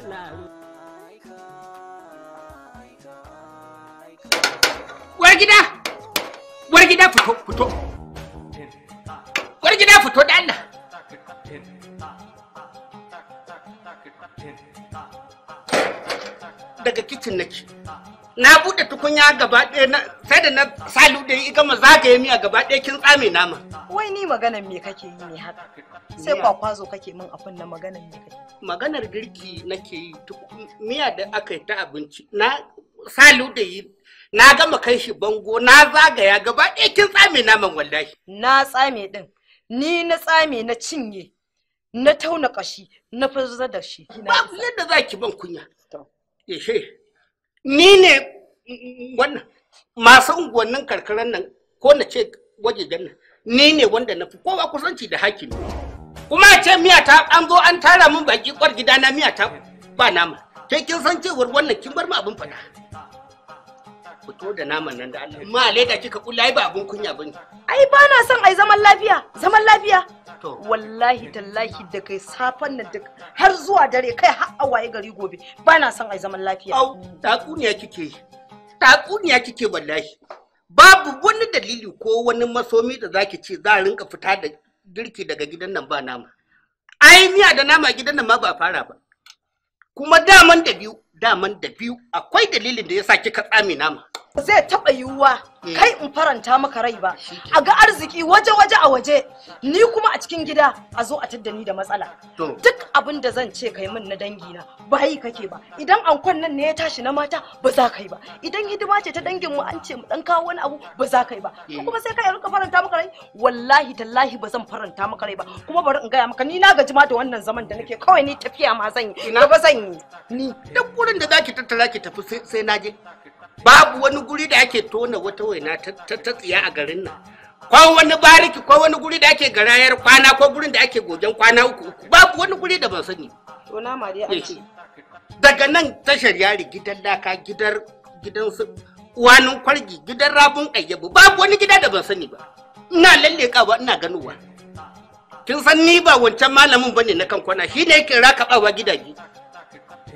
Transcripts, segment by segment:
War gida! War gida fito, fito! War gida fito da Allah! Daga kicin nake. na bude tukunya gaba ɗaya sai da na salu da yi gama zagaye miya gaba ɗaya kin tsame nama. Wai ni maganar me kake yi ne haka? Sai kwakwazo kake min a na maganar me kake. Maganar girki nake yi miya da aka yi ta abinci na salu da yi na gama kai shi bango na zagaya gaba ɗaya kin tsame naman wallahi. Na tsame din ni na tsame na cinye na tauna kashi na fazar da shi. Babu yadda za ki ban kunya. Yeshe. ni ne wannan masu unguwannin karkarar nan ko na ce wajejen nan ni ne wanda na fi kowa kusanci da hakimi kuma a ce miya ta an zo an tara min baki kwar gida na miya ta ba nama ke kin san cewar wannan kin bar mu abin fada fito da naman nan da Allah ma leda kika kula ba abin kunya bane ai ba na son ai zaman lafiya zaman lafiya wallahi tallahi da kai safan nan duk har zuwa dare kai har awaye gari gobe ba na son ai zaman lafiya au takuniya kike takuniya kike wallahi babu wani dalili ko wani masomi da zaki ce za rinka fita da girki daga gidan nan ba nama ai miya da nama gidan nan ma ba fara ba kuma daman da biyu daman da biyu akwai dalilin da yasa kika tsami nama zai taɓa yiwuwa kai in faranta maka rai ba a ga arziki waje-waje a waje ni kuma a cikin gida a zo a tadda ni da matsala duk abin da zan ce kai min na dangi na ba kake ba idan ankon nan ne ya tashi na mata ba za ka yi ba idan hidima ce ta dangin mu an ce mu dan kawo wani abu ba za ka yi ba eh. kuma sai ka rika faranta maka rai wallahi tallahi ba zan faranta maka rai ba kuma bari in gaya maka ni na gaji ma da wannan zaman da nake kawai ni tafiya ma zan yi ba zan yi ni duk wurin da zaki tattara ki tafi sai na je babu wani guri da ake tona wata waina ta tsiya a garin nan ko wani bariki ko wani guri da ake garayar kwana ko gurin da ake gogen kwana uku uku babu wani guri da ban sani to ce daga nan tashar yari gidan laka gidan gidan su uwanin kwargi gidan rabun ayyabu babu wani gida da ban sani ba ina lalle ba ina ganowa kin san ni ba wancan malamin bane na kan kwana shine yake rakabawa gidaje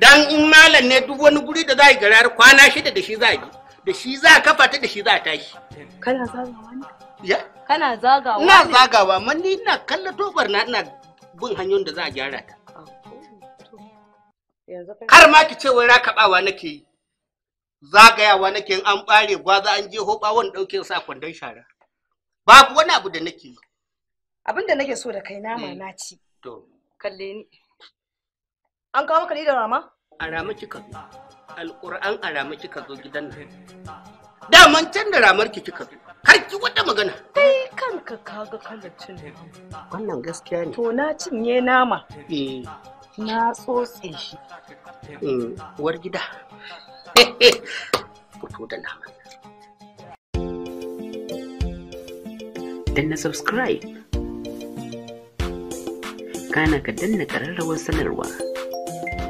dan in malam ne duk wani guri da za a yi garar kwana shida da shi za a bi da shi za kafa ta da shi za a tashi kana zagawa ne ya kana zagawa ina zagawa man ni ina kalla tobar na ina bin hanyoyin da za a gyara ta ah, kar ma ki ce wai rakabawa nake yi zagayawa nake an bare gwaza an je hoba wani dauke sa kwandon shara babu wani abu da nake yi abin da nake so da kai eh, na mamaci to kalle ni An kawo maka ni da rama? A rama kika zo. Alƙur'an a rama kika zo gidan nan. Daman can da ramar ki kika zo. Har ki wata magana. Kai kanka kaga kalar cin Wannan gaskiya ne. To na cinye nama. Eh. Na tsotse shi. Eh, uwar gida. Fito da nama. Danna subscribe. Kana ka danna ƙararrawar sanarwa.